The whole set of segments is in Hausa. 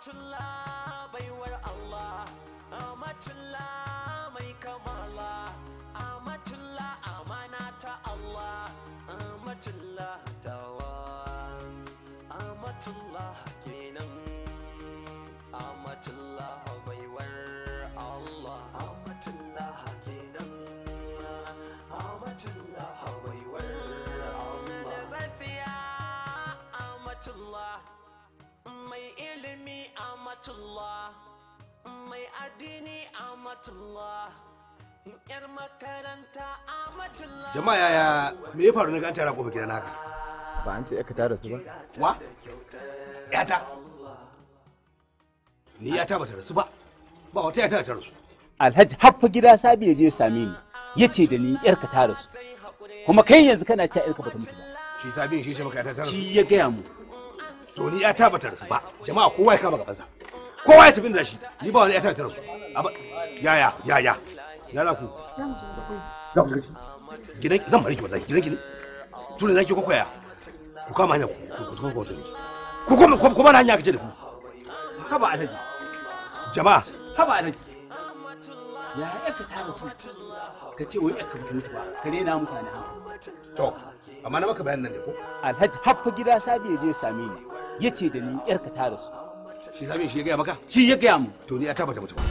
Amatullah baiwar Allah Amatullah mai kamala Amatullah amana ta Allah Amatullah tawa Amatullah amatullah mai addini amatullah yar makaranta amatullah jama'a yaya me ya faru na ganta rako ba gidan haka ba an ce ya tara su ba wa yata ni yata ba tara su ba ba wata yata tara su alhaji haffa gida sabi ya je same ni ya ce da ni yarka tara su kuma kai yanzu kana cewa yarka ba ta mutu ba shi sabi shi shi maka ta tara shi ya gaya mu to ni yata ba tara su ba jama'a kowa ya kama gabansa kowa ya tafi da shi ni ba wani ya tara su ya ya ya ya za ku za ku shiga ciki gidan zan bari ki wallahi gidan ki ne zaki ko koya ku kama hanya ku ku ku ku ku ku ku ba hanya kace da ku ba alhaji jama'a ba alhaji ya ka tara su ka ce wai aka mutu ba ka rena mutane haka to amma na maka bayanan nan ne ko alhaji haffa gida sabi je same ni yace da ni yar ka tara su shi zabe shi ya gaya maka shi ya gaya mu to ni ya tabata mutu ba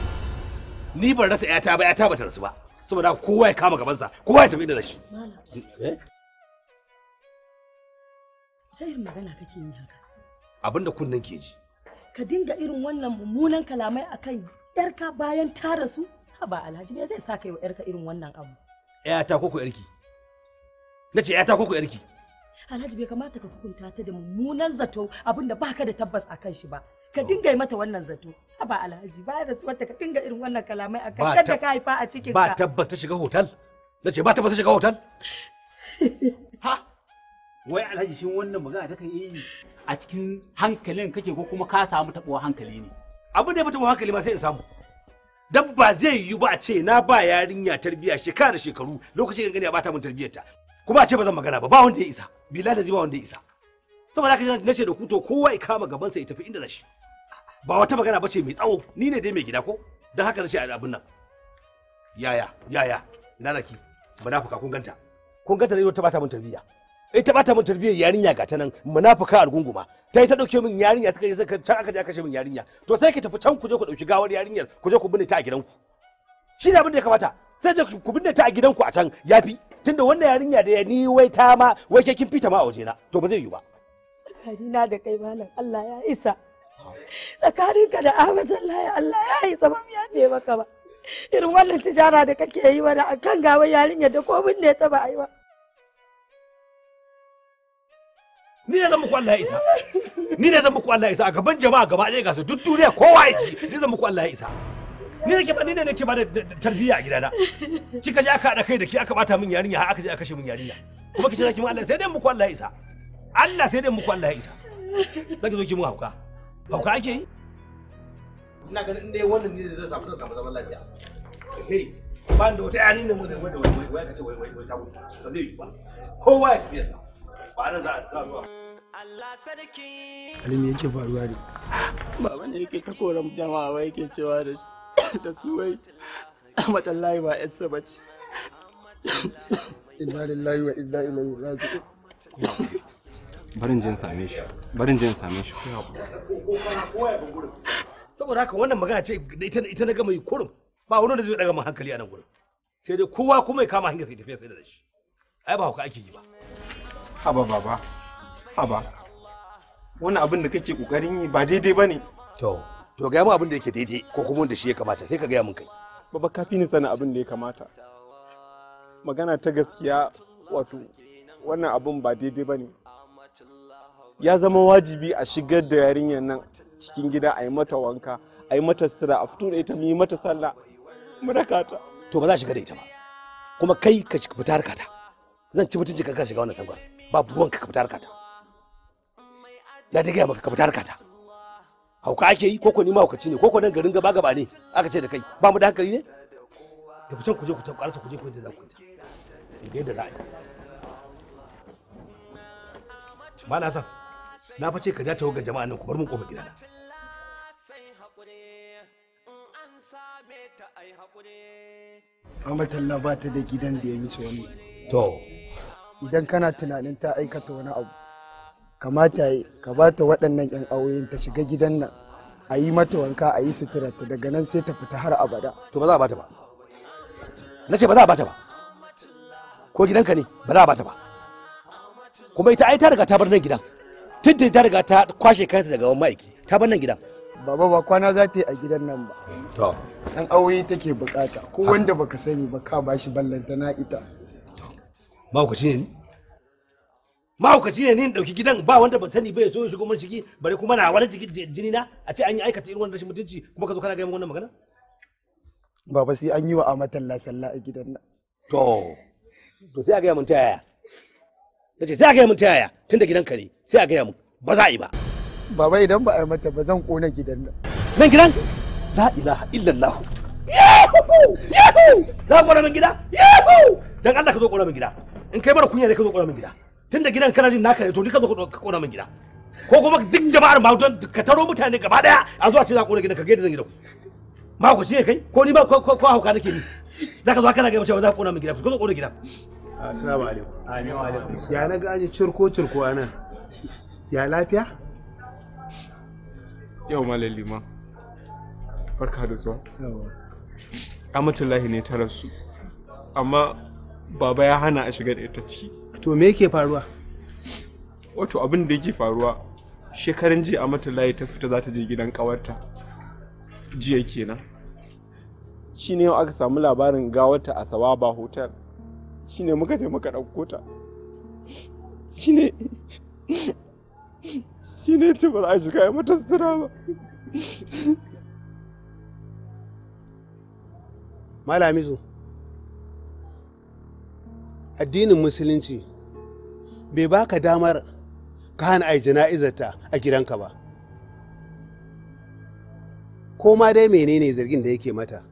ni ban rasa ya ta ba ya tabata rasu ba saboda kowa ya kama gabansa kowa ya tafi inda zashi sai eh? irin magana kake yi haka abinda kunnen ke ji ka dinga irin wannan mummunan kalamai akan yarka bayan ta rasu haba alhaji me zai sa kai wa yarka irin wannan abu yata ko ku yarki na ce ta ko ku yarki alhaji bai kamata ka hukunta ta da mummunan zato abinda baka da tabbas akan shi ba ka dinga mata wannan zato haba alhaji ba da suwarta ka dinga irin wannan kalamai akan yadda ka haifa a cikin ba tabbas ta shiga hotel na ce ba tabbas ta shiga hotel ha wai alhaji shin wannan magana da kan yi a cikin hankalin kake ko kuma ka samu tabuwa hankali ne abin da ya tabuwa hankali ba sai in samu dan ba zai yi ba a ce na ba yarinya tarbiya shekara shekaru lokacin gani ba ta mun tarbiyar ta kuma a ce ba zan magana ba ba wanda ya isa bilal da ba wanda ya isa saboda haka na ce da ku to kowa ya kama gabansa ya tafi inda zai shi ba wata magana ba ce mai tsawo ni ne dai mai gida ko don haka rashin abin nan yaya yaya ina zaki munafuka kun ganta kun ganta da ta bata min tarbiyya eh ta bata min tarbiyyar yarinya ga ta nan munafuka algunguma ta yi ta dauke min yarinya suka je suka can aka je aka kashe min yarinya to sai ki tafi can ku je ku dauki gawar yarinyar ku je ku binne ta a gidanku shi ne abin da ya kamata sai je ku binne ta a gidanku a can yafi tunda wannan yarinya da ni wai ta ma wai ke kin fita ma a waje na to ba zai yi ba tsakanina da kai malam Allah ya isa tsakaninka da abatan laye Allah ya yi tsaman ya fiye maka ba irin wannan tijara da kake yi mana a kan gawa yarinya da komin ne ta ba yi ba. Ni ne zan muku Allah ya isa, ni ne zan muku Allah ya isa a gaban jama'a gaba ɗaya ga su duk duniya kowa ya ci ni zan muku Allah ya isa. Ni ke ba ni ne ke ba da tarbiyya a gidana. Kika je aka haɗa kai da ki aka bata min yarinya har aka je aka kashe min yarinya. Kuma kice zaki mun Allah sai dai muku Allah ya isa. Allah sai dai muku Allah ya isa. Zaki zo ki mun hauka. hauka ake yi ina ganin dai wannan ne zai samu samu zaman lafiya hey ban da wata yanin nan wanda wanda wai wai kace wai wai ta mutu ba zai yi ba kowa ya sa ba nan za a zuwa Allah sarki Halimi yake faruwa ne baba ne yake ta koran jama'a wai yake cewa da da su wai ba yarsa inna lillahi wa inna ilaihi raji'un barin jin same shi barin jin same shi saboda haka wannan magana ce ita ita na gama yi kurum ba wani da zai daga mu hankali a nan gurin sai dai kowa kuma ya kama hanyar sai tafiya sai da shi ai ba hauka ake yi ba haba baba haba wani abin da kake kokarin yi ba daidai bane to to ga mu abin da yake daidai ko kuma wanda shi ya kamata sai ka ga mun kai baba kafi ni sanin abin da ya kamata magana ta gaskiya wato wannan abin ba daidai bane ya zama wajibi a shigar da yarinyar nan cikin gida a yi mata wanka a yi mata sutura a fito da ita mu yi mata sallah mu raka ta to ba za a shiga da ita ba kuma kai ka fita harka ta zan ci mutunci ka shiga wannan sabgar ba ruwanka ka fita harka ta na dai gaya maka ka fita harka ta hauka ake yi koko ni mahaukaci ne koko nan garin gaba gaba ne aka ce da kai ba mu da hankali ne da kusan kuje ku tabbarsa kuje ku yadda za ku yi yadda za da ra'ayi ba na san na fa ce ka ja tawo ga jama'a nan ku bar mun kofar na. Amatalla ba ta da gidan da ya wuce wani. To. Idan kana tunanin ta aikata wani abu, kamata yi ka ba ta waɗannan 'yan auyen ta shiga gidan nan, a yi mata wanka a yi suturarta daga nan sai ta fita har abada. To ba za a bata ba. Na ce ba za a bata ba. Ko gidanka ne ba za a bata ba. Kuma ita ai ta riga ta bar nan gidan. tun da ta riga ta kwashe kanta daga wani ma'aiki ta bar nan gidan baba ba kwana za ta yi a gidan nan ba to dan aure take bukata ko wanda baka sani ba ka bashi ballanta na ita mahaukaci ne ni mahaukaci ne ni in dauki gidan ba wanda ban sani ba ya so ya shigo mun ciki bare kuma na wani ciki jini na a ce an yi aikata irin wannan rashin mutunci kuma ka zo kana ga mun wannan magana baba sai an yi wa amatan la sallah a gidan nan to to sai a ga mun ta yaya na ce sai a gaya mun ta yaya tun da gidanka ne sai a gaya mun ba za a yi ba baba idan ba a yi mata ba zan kona gidan nan nan gidan la ilaha illallah yahu yahu za ku kona min gida yahu dan Allah ka zo kona min gida in kai mara kunya ne ka zo kona min gida tun da gidan kana jin naka ne to ni ka zo ka kona min gida ko kuma duk jama'ar ma don ka taro mutane gaba daya a zuwa ce za a kona gidan ka gaida zan gidan ma ku shi kai ko ni ba ko hauka nake ni za ka zo kana ga mace za ka kona min gida ka zo kona gida Assalamu alaikum. Ya na ga an cirko cirko anan. Ya lafiya? Yau malam liman. Barka da zuwa. Amatullahi ne ta rasu. Amma baba ya hana a shiga da ita ciki. To me yake faruwa? Wato abin da yake faruwa shekaran jiya Amatullahi ta fita za ta je gidan kawarta. Jiya kenan. Shi ne yau aka samu labarin gawarta a Sawaba Hotel. ne muka je muka ɗauko ta shi ne ce ba za a shiga ya mata sutura ba malamisu addinin musulunci bai ba ka damar ka hana ai jana'izarta a gidanka ba ko ma dai menene zargin da yake mata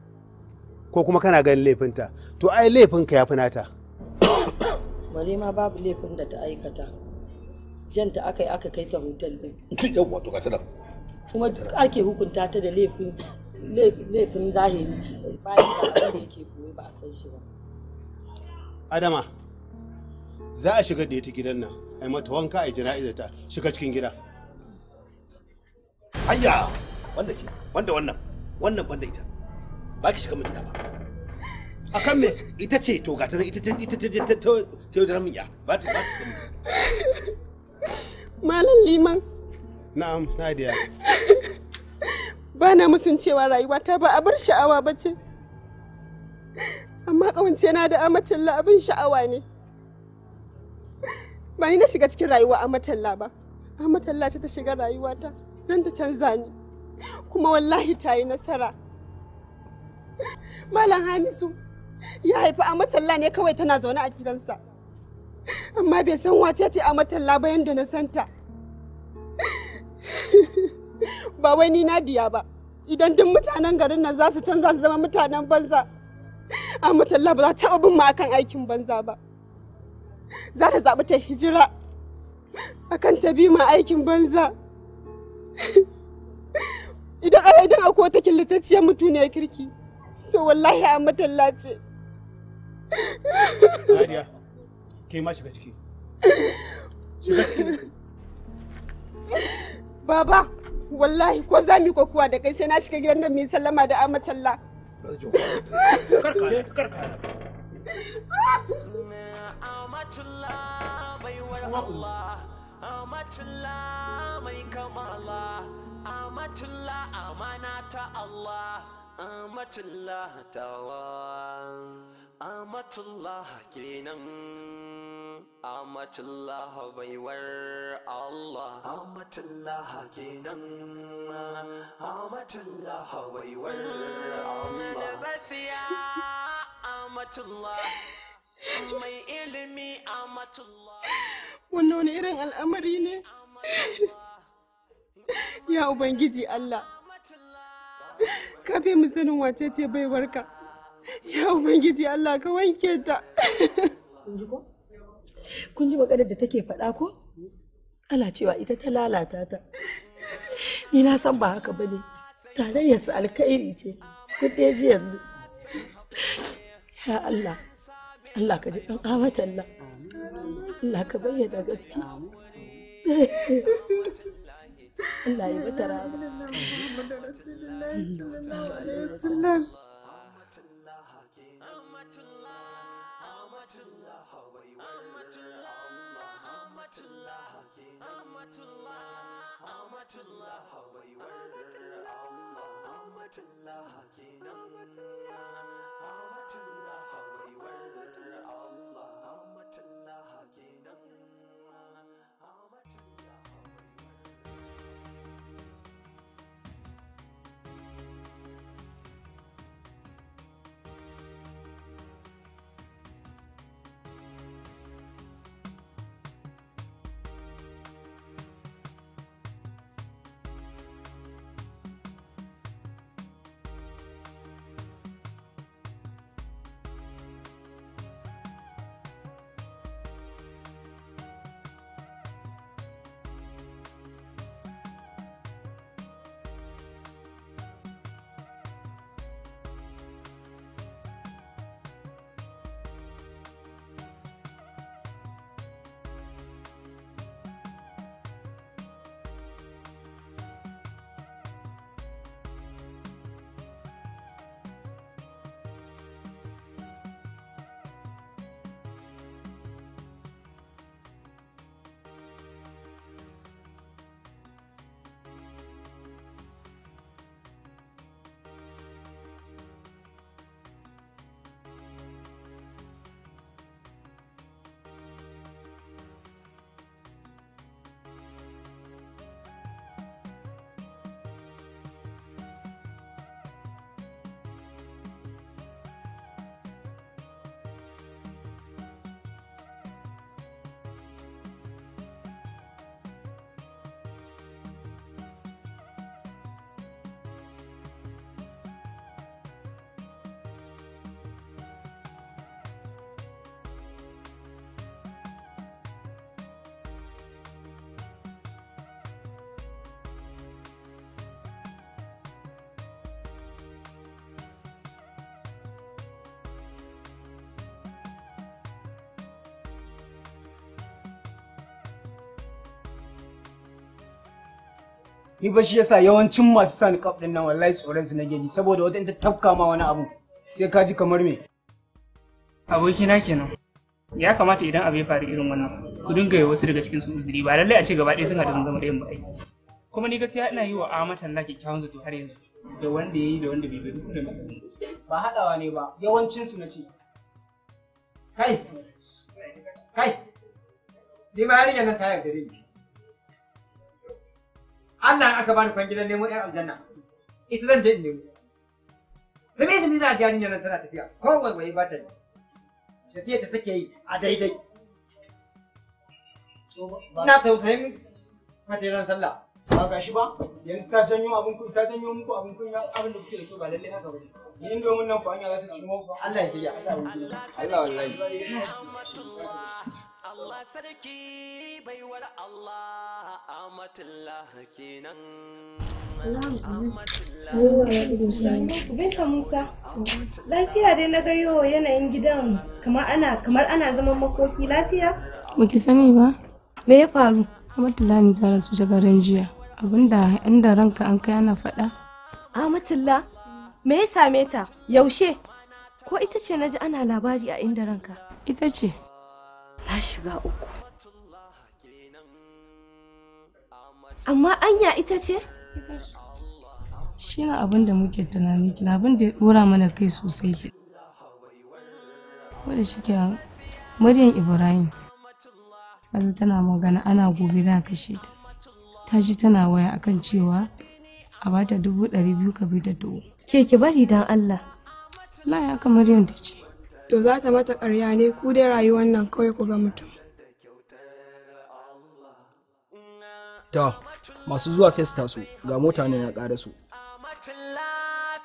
ko kuma kana ganin laifinta to ai laifinka ya fi nata bare ma babu laifin da ta aikata ta aka yi aka kai ta hotel din yawwa to ga kuma duk ake hukunta ta da laifin laifin zahiri bayan da yake koyi ba a san shi ba adama za a shiga da ita gidan nan a yi mata wanka a yi jana'izar ta shiga cikin gida ayya wanda ke wanda wannan wannan banda ita ba ki shiga mun gida ba akan me ita ce to gata ita ta ita ta ta ta da ramiya ba ta ba ta malam liman na'am sadiya ba na musun cewa rayuwata ba a bar sha'awa ba ce amma kawance na da amatalla abin sha'awa ne ba ni na shiga cikin rayuwa amatalla ba amatalla ce ta shiga rayuwata don ta canza ni kuma wallahi ta yi nasara malam hamisu ya haifi amatalla ne kawai tana zaune a gidansa amma bai san wace ce amatalla bayan da na santa ba wai ni nadiya ba idan duk mutanen garin nan za su canza su zama mutanen banza amatalla ba za ta bin ma akan aikin banza ba za ta zaɓi ta hijira akan ta bi ma aikin banza idan a idan akwai wata killatacciyar ya kirki to wallahi a matalla ce Nadia, ke ma shiga ciki. Shiga ciki. Baba, wallahi ko za mu kokuwa da kai sai na shiga gidan nan mu sallama da amatalla. Karka, karka. Amatullah baiwar Allah, Amatullah mai kamala, Amatullah amana ta Allah, Amatullah tawa. Amatullah kenan Amatullah baiwar Allah Amatullah kenan Amatullah baiwar Allah Zatiya Amatullah mai ilimi Amatullah Wannan wani irin al'amari ne Ya Ubangiji Allah Ka fi mu sanin wace ce baiwarka ya ubangiji Allah ka wanke ta kun ji maganar da take faɗa ko ana cewa ita ta lalata ta ni na san ba haka bane tarayyarsa alkhairi ce kun ɗaya ji yanzu ya Allah Allah ka ji ɗan amatalla Allah ka bayyana gaske Allah ya mata rama. Allah, Allah, Amatullah, baiwar Allah. Allah, Allah, Amatullah, baiwar Allah. ni ba shi yasa yawancin masu sa niqab din nan wallahi tsoron su nake ji saboda wata ta tafka ma wani abu sai ka ji kamar me abokina kenan ya kamata idan abu ya faru irin wannan ku dinga yi wasu daga cikin su uzuri ba lallai a ce gaba ɗaya sun haɗu sun zama ɗayan ba ai kuma ni gaskiya ina yi wa amatan na kyakkyawan zato har yanzu da wanda ya yi da wanda bai bai duk da ba haɗawa ne ba yawancin su na ce kai kai ni ba yarinya nan ta yarda da ni Allah aka bani kwangilan nemo ƴan aljanna ita zan je in nemo me zame za a ga yarinyar nan tana tafiya ko wai ba ta yi tafiya ta take yi a daidai ina tausayin materan sallah ba ga shi ba yanzu ta janyo abin kun ta janyo muku abin kun ya abin da kuke da so ba lalle haka ba ne yin domin nan fa hanya za ta ci mu Allah ya fiya Allah wallahi Allah sarki baiwar Allah amatullah kenan Binta Musa, lafiya dai na gayo yanayin gidan kamar ana kamar ana zaman makoki lafiya? Baki sani ba? Me ya faru? Amatullah ne ta rasu shagaran jiya. Abinda inda ranka an kai ana faɗa. Amatullah, me ya same ta? Yaushe? Ko ita ce na ji ana labari a inda ranka? Ita ce. ta shiga uku amma anya ita ce shi ne abin da muke tunani kina abin da ya dora mana kai sosai ke wadda shi ke maryam ibrahim kaza tana magana ana gobe na kashe ta ta shi tana waya akan cewa a bata dubu ɗari biyu ka bi da dubu ke ki bari dan allah Allah ya kamar yadda ce to za ta mata ƙarya ne ku dai rayuwar nan kawai ku ga mutum ta masu zuwa sai su taso ga mota na ya ƙara su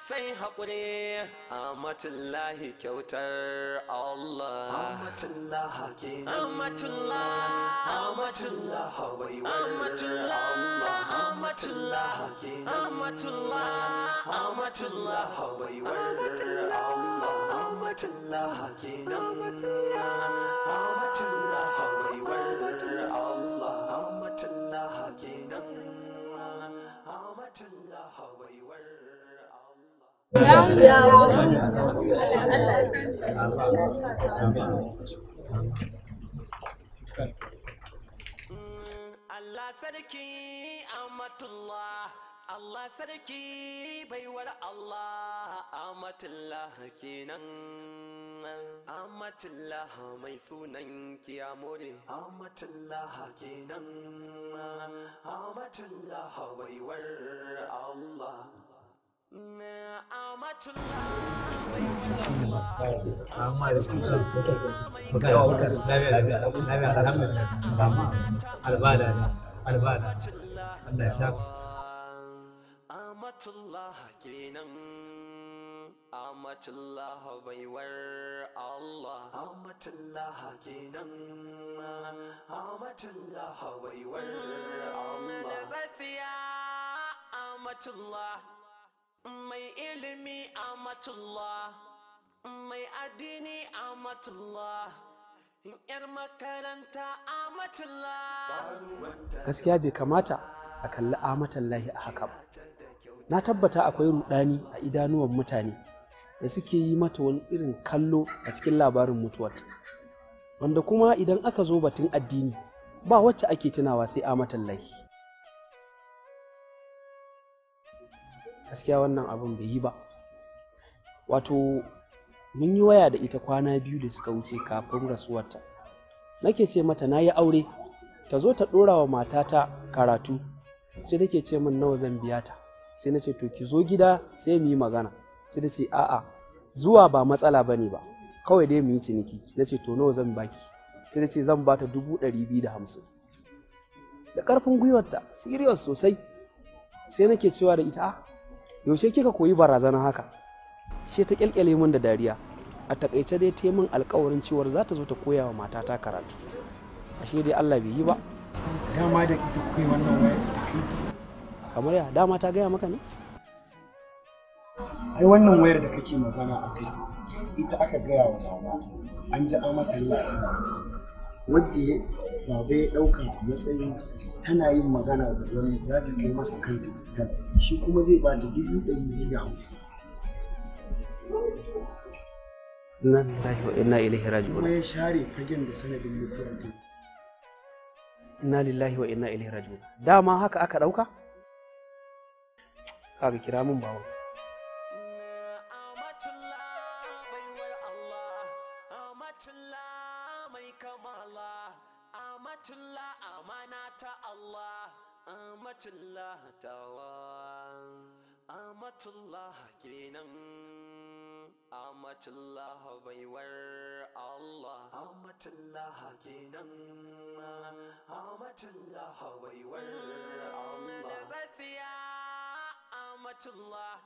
sai haƙuri amatullahi kyautar Allah amatullah kenan amatullah amatullah baiwar amatullah amatullah kenan baiwar Allah kenan baiwar Allah kenan baiwar Allah sarki Amatullah Allah sarki baiwar Allah Amatullah kenan Amatullah mai sunan kiyamore Amatullah kenan Amatullah baiwar Allah Amatullah kenan Amatullah baiwar Allah Amatullah kenan Amatullah baiwar Allah Amatullah mai ilimi a matulla, mai addini matulla. gaskiya bai kamata a kalli amatallahi a haka ba na tabbata akwai rudani a idanuwan mutane da suke yi mata wani irin kallo a cikin labarin mutuwarta wanda kuma idan aka zo batun addini ba wacce ake tunawa sai amatallahi gaskiya wannan abin bai yi ba wato mun yi waya da ita kwana biyu da suka wuce kafin rasuwarta nake ce mata na yi aure ta zo ta ɗora wa matata karatu sai take ce min nawa zan biya ta sai na ce to ki zo gida sai mu yi magana sai ta ce a'a zuwa ba matsala ba ne ba kawai dai mu yi ciniki na ce to nawa zan baki sai ta ce zan ba ta dubu ɗari biyu da hamsin da ƙarfin gwiwarta siriyar sosai sai nake cewa da ita ah, yaushe kika koyi barazana haka shi ta kyalkyale min da dariya a takaice dai ta min alkawarin cewar za ta zo ta koya wa matata karatu ashe dai allah bai yi ba dama da ita kuka yi wannan wayar kamar ya dama ta gaya maka ne ai wannan wayar da kake magana a kai ita aka gaya wa dama an ji an lafiya wadda baba ya ɗauka a matsayin tana yin magana da wani za ta kai masa kan dubutan shi kuma zai ba ta dubu ɗari da hamsin. Nan lahi wa inna ilaihi raji'un. Kuma ya share fagen da sanadin mutuwar ta. Na lillahi wa inna ilaihi raji'un. Dama haka aka ɗauka? Kaga kira min bawa. Amatullah kenan Amatullah baiwar Allah Amatullah kenan Amatullah baiwar Allah da tsatsiya Amatullah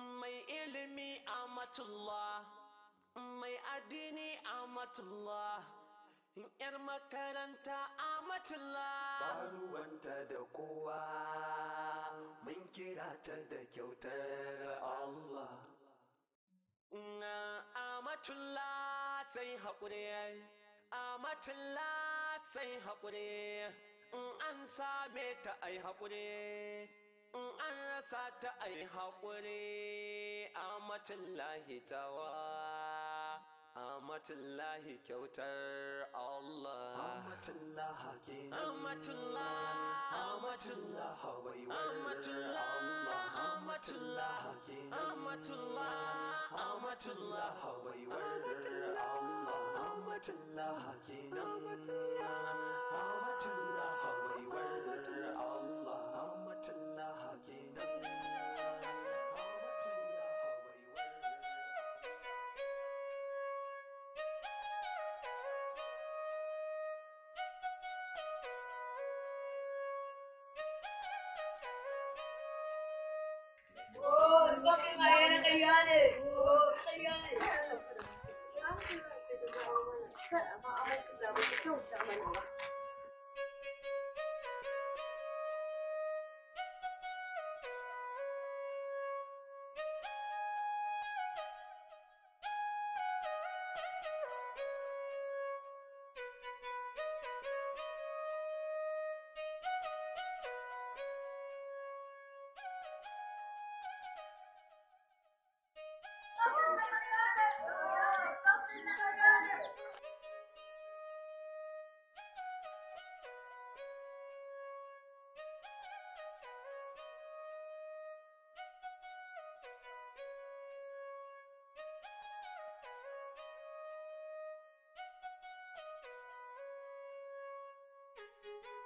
mai ilimi Amatullah mai adini Amatullah ‘Yar makaranta Amatullah. Ba ruwanta da kowa. ta da kyautar Allah. Na amatulla sai haƙuri, amatulla sai haƙuri, in an same ta ai haƙuri, in an rasa ta ai haƙuri, amatullahi tawa. Amatullahi kyautar Allah Amatullah ke Amatullah Amatullah baiwar Allah Amatullah ke Amatullah Amatullah baiwar Allah Amatullah ke Amatullah Amatullah baiwar Allah Thank you. Thank you.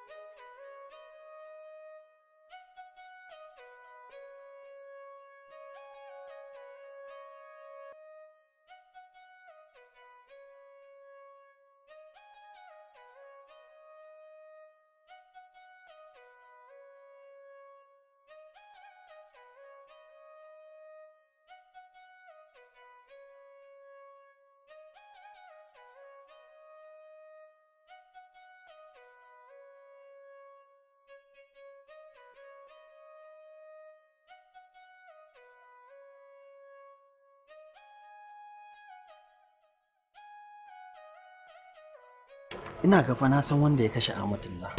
ina gafa na san wanda ya kashe amatalla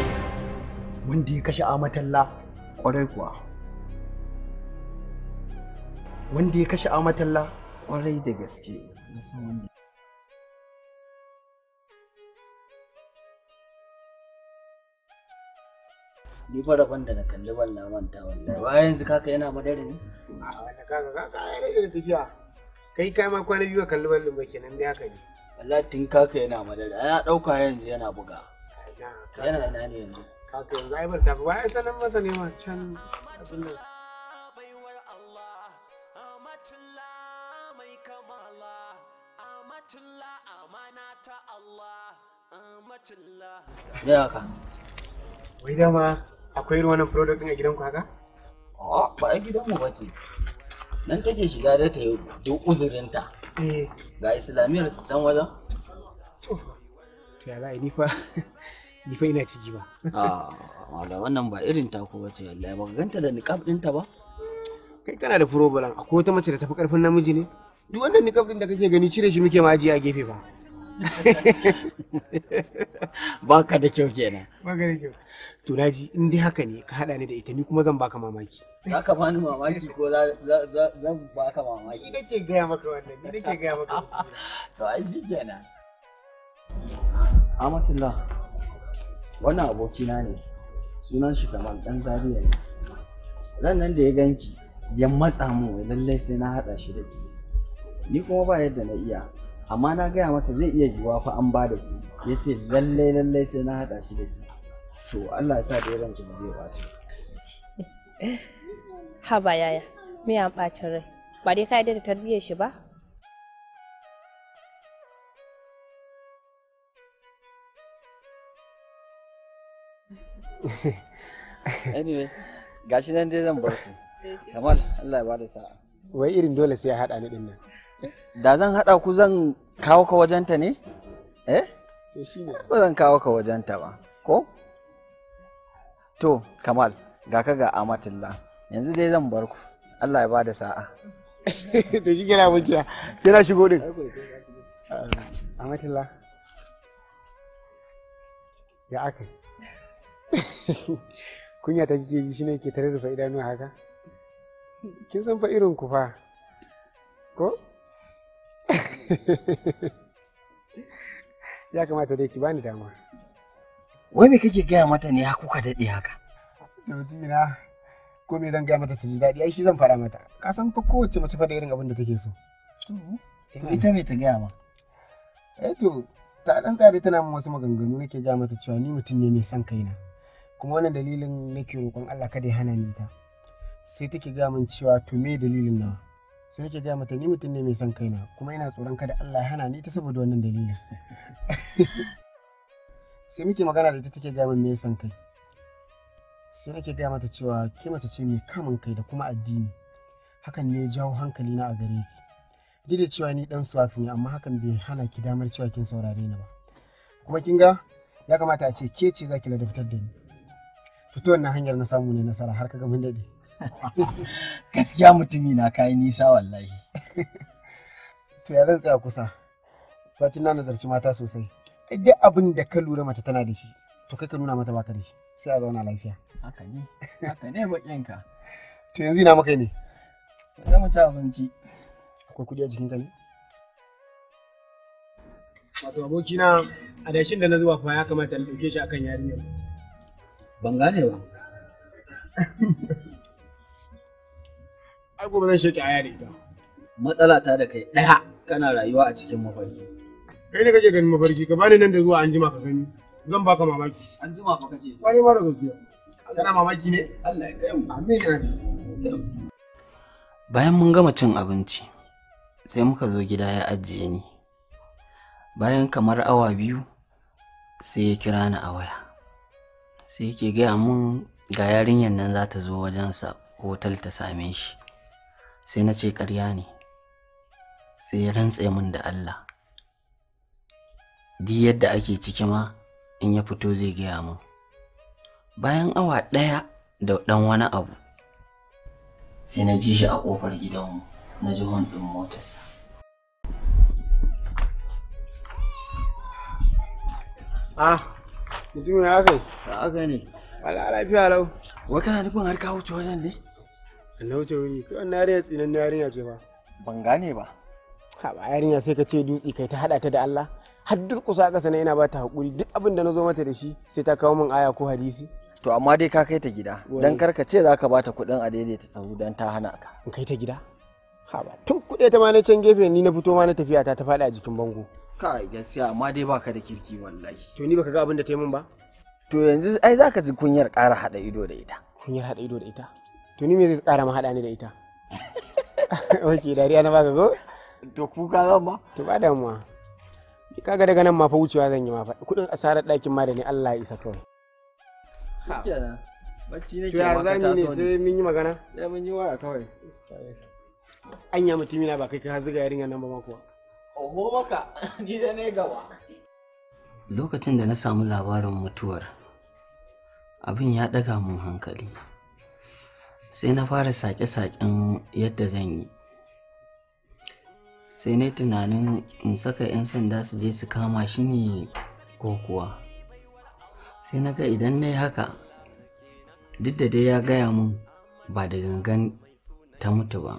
wanda ya kashe amatalla kwarai kuwa wanda ya kashe amatalla kwarai da gaske na san wanda ni fa rabon da na kalli wannan manta wallahi wa yanzu kaka yana madara ne a wani kaka kaka yana da tafiya kai kai ma kwana biyu ka kalli wannan ba kenan dai haka ne wallahi tun kaka yana madara ana ɗauka yanzu yana buga yana ina ne yanzu kaka yanzu ai bar tafi bayan sanin masa ne ma can abin nan Ne haka? Wai dama akwai ruwan product ɗin a gidanku haka? A ba a gidanmu ba ce. Nan take shiga da ta yi duk uzurinta. Eh. ga islamiyar su san wajen to ya za yi nifa nifa ina ciki ba a ah, wala wannan ba irin ta ko ce wallahi ba ganta da niqab ɗinta ba kai kana da problem akwai wata mace da tafi karfin namiji ne duk wannan niqab ɗin da kake gani cire shi muke ma ajiye a gefe ba baka da kyau kenan baka da kyau to naji in dai haka ne ka hada ni da ita ni kuma zan baka mamaki za ka bani mamaki ko zan ba ka mamaki. Ni nake gaya maka wannan, ni nake gaya maka To ai shi kenan. Amatullah, wannan abokina ne, sunan shi kamar dan zariya ne. Ran nan da ya ganki ya matsa mu lallai sai na hada shi da ke. Ni kuma ba yadda na iya, amma na gaya masa zai iya yiwuwa fa an ba da ke. Ya ce lallai lallai sai na hada shi da ke. To Allah ya sa da ya ranki ba zai ɓaci. haba yaya me an bacin rai ba dai ka yarda da tarbiyyar shi ba anyway gashi nan dai zan bar ku kamal Allah ya bada sa'a wai irin dole sai ya hada ni dinnan da zan hada ku zan kawo ka wajenta ne eh to shine ba zan kawo ka wajenta ba ko to kamal ga ka ga amatullah yanzu dai zan bar ku Allah ya ba da sa'a to shi kira mun kira sai na shigo din amatilla ya aka kunya ta kike ji shine ke tare da fa'ida idanu haka kin san fa irin ku fa ko ya kamata dai ki bani dama wai me kake gaya mata ne ya kuka dade haka da mutum ko me zan gaya mata ta ji daɗi ai shi zan faɗa mata ka san fa kowace mace fa da irin abin da take so to ita me ta gaya ma eh to ta dan tsare tana min wasu maganganu nake gaya mata cewa ni mutum ne mai son kaina kuma wannan dalilin nake roƙon Allah kada ya hana ni ta sai take gaya min cewa to me dalilin nawa sai nake gaya mata ni mutum ne mai son kaina kuma ina tsoron kada Allah ya hana ni ta saboda wannan dalilin sai muke magana da ita take gaya min me son kaina sai nake gaya mata cewa ke mace ce mai kamun kai da kuma addini hakan ne jawo hankali na a gare ki duk da cewa ni dan swax ne amma hakan bai hana ki damar cewa kin saurare ni ba kuma kin ga ya kamata a ce ke ce zaki ladabtar da ni fito wannan hanyar na samu ne nasara har kaga mun dade gaskiya mutumi na kai nisa wallahi to ya zan tsaya kusa bacin na nazarci mata sosai duk abin da ka lura mace tana da shi to kai ka nuna mata baka da shi sai a zauna lafiya Haka ne, haka ne baƙinka. To yanzu ina maka ne? Za mu ci abinci. Akwai kuɗi a jikin ka ne? Wato abokina a adashin da na zuba fa ya kamata na ɗauke shi akan yarinya. Ban gane ba. Ai gobe zan shake aya da ita. Matsala ta da kai ɗaya kana rayuwa a cikin mafarki. Kai ne kake ganin mafarki ka bani nan da zuwa anjima ka gani. Zan baka mamaki. Anjima fa kace. Kwarai ma da gaskiya. bayan mun gama cin abinci sai muka zo gida ya ajiye ni bayan kamar awa biyu sai ya kira ni a waya sai yake gaya mun ga yarinyar nan za ta zo wajensa hotel ta same shi sai na ce ƙarya ne sai ya rantse mun da Allah di yadda ake ciki ma in ya fito zai gaya mun bayan awa ɗaya da ɗan wani abu sai na ji shi a ƙofar gidanmu na ji hon ɗin motarsa ah mutum ya kai. yi aka ne ala lafiya lau wai kana nufin har ka wuce wajen ne na wuce wuri ko an nariya tsinan yarinya ce ba ban gane ba ha ba yarinya sai ka ce dutse kai ta hada ta da Allah har durƙusa ƙasa na yana ba ta haƙuri duk abin da na zo mata da shi sai ta kawo min aya ko hadisi to amma dai ka kai ta gida don karka ce za ka ba ta kuɗin a daidaita tsaro don ta hana ka in kai ta gida ha ba tun kuɗe ta ma na can gefe ni na fito ma na tafiya ta ta faɗi a jikin bango kai gaskiya amma dai baka da kirki wallahi to ni baka ga abin da ta yi min ba to yanzu ai za ka ji kunyar ƙara haɗa ido da ita kunyar haɗa ido da ita to ni me zai ƙara ma haɗa ni da ita ok dariya na baka zo. to ku ka zan ba to ba damuwa kaga daga nan ma fa wucewa zan yi ma fa kuɗin asarar ɗakin ma da ni Allah ya isa kawai kenan bacci nake ne sai mun yi magana sai mun yi waya kawai anya mutumi na ba kai ka zuga yarinya nan ba ma kuwa oho maka ni da ne gaba lokacin da na samu labarin mutuwar abin ya daga mun hankali sai na fara sake-saken yadda zan yi sai na tunanin in saka 'yan sanda su je su kama shi ne ko kuwa sai na ga idan na yi haka duk da dai ya gaya mun ba da gangan ta mutu ba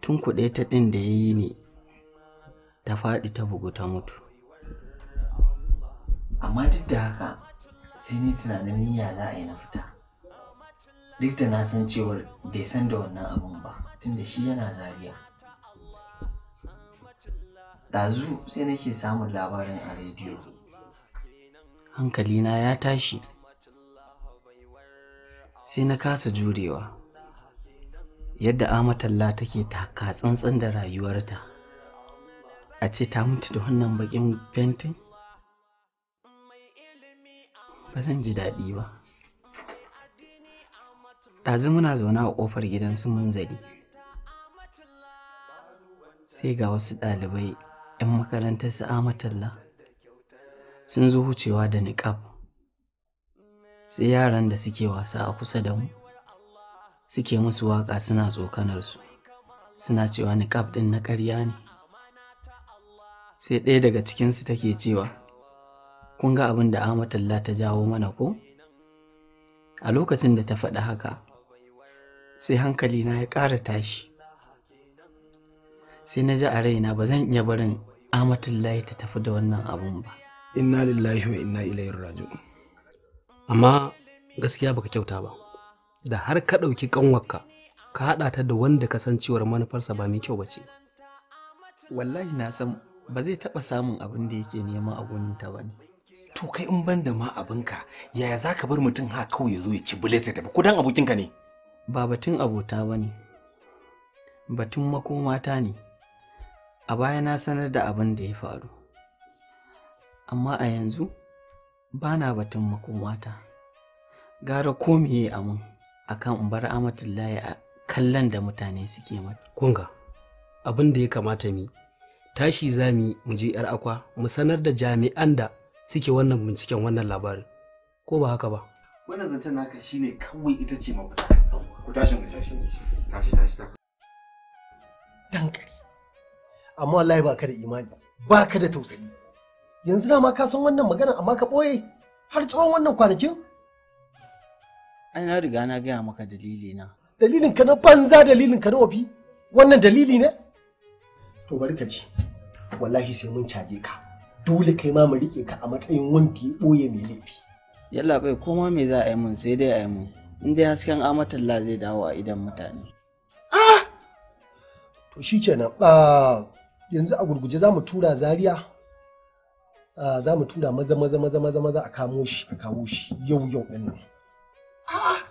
tun kuɗe ta ɗin da ya yi ne ta faɗi ta bugu ta mutu amma duk da haka sai ni tunanin niyya za a yi na fita duk da na san cewar bai san da wannan abin ba tun da shi yana zariya ɗazu sai nake samun labarin a rediyo hankalina ya tashi sai na kasa jurewa yadda amatalla take taka tsantsan da rayuwarta a ce ta mutu da wannan bakin fentin ba zan ji daɗi ba ɗazu muna zaune a ƙofar gidansu zari sai ga wasu ɗalibai 'yan makarantar su amatalla sun zo wucewa da niƙab sai yaran da suke wasa a kusa da mu suke musu waƙa suna tsokanarsu suna cewa niƙab ɗin na ƙarya ne sai ɗaya daga cikinsu take cewa kun ga abin da amatalla ta jawo mana ko a lokacin da ta faɗi haka sai hankali na ya ƙara tashi sai na ji a raina ba zan iya barin amatullahi ta tafi da wannan abun ba inna lillahi wa inna ilaihi raji'un amma gaskiya baka kyauta ba da har ka ɗauki ƙanwarka ka haɗa ta da wanda ka san cewar manufarsa ba mai kyau ba ce wallahi na san ba zai taɓa samun abin da yake nema a ta ba ne to kai in ban da ma abinka yaya za ka bar mutum ha kawai ya zo ya ci bullet ya ko dan abokinka ne ba batun abota ba ne batun makomata ne a baya na sanar da abin da ya faru amma a yanzu ba na batun makomata gara ko miye a mun akan in bar amatullahi a kallon da mutane suke mata kunga abin da ya kamata mi tashi za mu je yar akwa mu sanar da jami'an da suke wannan binciken wannan labarin ko ba haka ba wannan zancen naka shine kawai ita ce mafita ku tashi mu tashi tashi tashi ta dankali amma wallahi ba ka da imani ba ka da tausayi yanzu na ma ka san wannan magana amma ka ɓoye har tsawon wannan kwanakin? Ai na riga na gaya maka dalili na. Dalilin ka na banza dalilin ka na wafi wannan dalili ne? To bari ka ji wallahi sai mun caje ka dole kai ma mu rike ka a matsayin wanda ya ɓoye mai laifi. Yalla bai koma me za a yi mun sai dai a yi mun in dai hasken amatalla zai dawo a idan mutane. Ah! To shikenan yanzu a gurguje za mu tura zaria Ah, za mu tura maza maza maza maza maza a kamo shi a kawo shi yau yau din nan ah!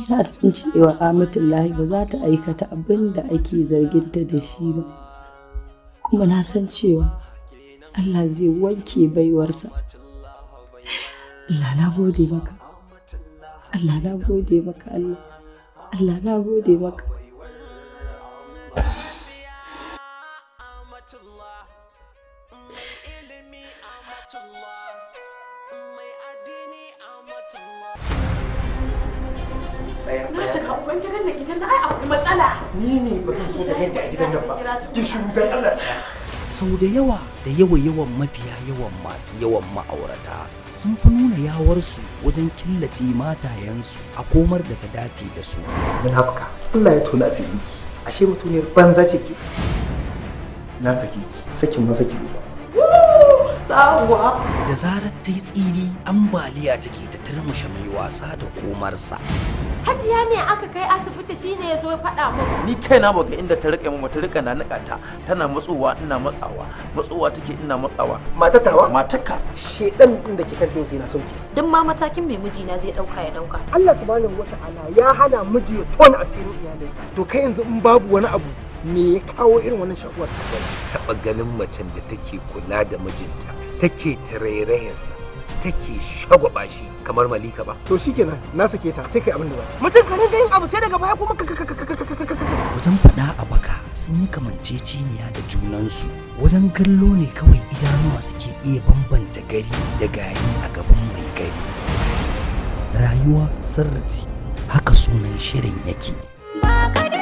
Ina san cewa Amatullahi ba za ta aikata abin da ake zarginta da shi ba kuma na san cewa Allah zai wanke baiwarsa Allah na gode maka Allah na gode maka Allah Allah na gode maka Sasha ka kwanta kan gidan na ai akwai matsala. Ni ne ba san so da yanta a gidan nan ba. Ki shiru dan sau da yawa da yawa yawan mafiya yawan masu yawan ma'aurata sun fi nuna yawarsu wajen killace matayensu a komar da ta dace da su. Munafuka, Allah ya tona asirin ki, ashe mutuniyar banza ce ki. Na saki, sakin maza ki uku. Sawa. Da zarar ta yi tsiri, ambaliya take ta turmushe mai wasa da komarsa. hajiya ne aka kai asibiti shine ya zo ya faɗa mu ni kai na ga inda ta rike mu ta rika na nika ta tana matsowa ina matsawa matsowa take ina matsawa matatawa mataka shedan din da ke kan sai na sauki duk ma matakin mai miji na zai dauka ya dauka Allah subhanahu wata'ala ya hana miji ya tona asirin iyalinsa to kai yanzu in babu wani abu me ya kawo irin wannan shakuwar taɓa ganin macen da take kula da mijinta take tarairayarsa take shagwaba shi kamar malika ba to shikenan na sake ta sai kai abin da za mutum ka rinka yin abu sai daga baya kuma wajen faɗa a baka sun yi kamanceceniya da junansu wajen kallo ne kawai idanuwa suke iya bambanta gari da gari a gaban mai gari rayuwa sirri haka sunan shirin yake ba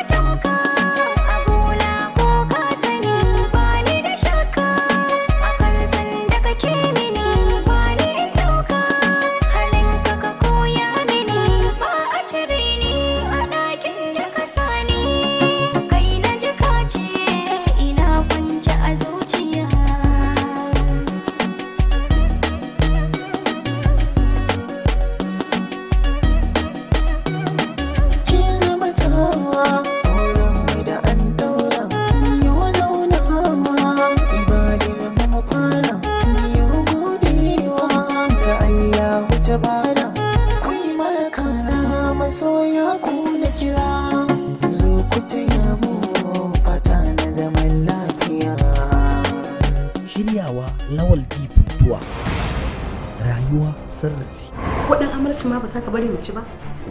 ci ma ba za ka bari mu ci ba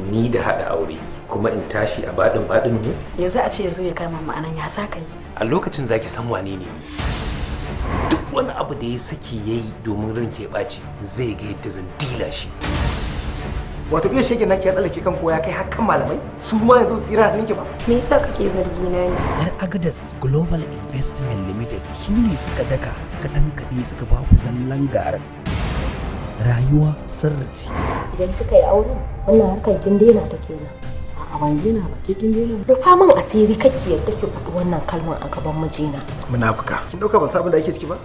ni da haɗa aure kuma in tashi a badin badin mu yanzu a ce yazo ya kama mu anan ya saka yi a lokacin zaki san wane ne duk wani abu da ya saki yayi domin ranke baci zai ga yadda zan dila shi wato iya shege naki ya tsallake kan koya kai hakan malamai su ma yanzu su tsira hannunki ba me yasa kake zargi na ne yar agadas global investment limited su ne suka daka suka tankaɗe suka ba ku zallan garin rayuwa sarrace idan kika yi aure wannan harkar kin daina ta kenan a ban daina ba ke kin daina da faman asiri kake yadda ke faɗi wannan kalmar a gaban mijina munafuka kin dauka ban sabon da ake ciki ba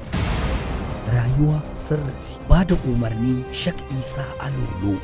rayuwa sarrace ba da umarni shak isa alolo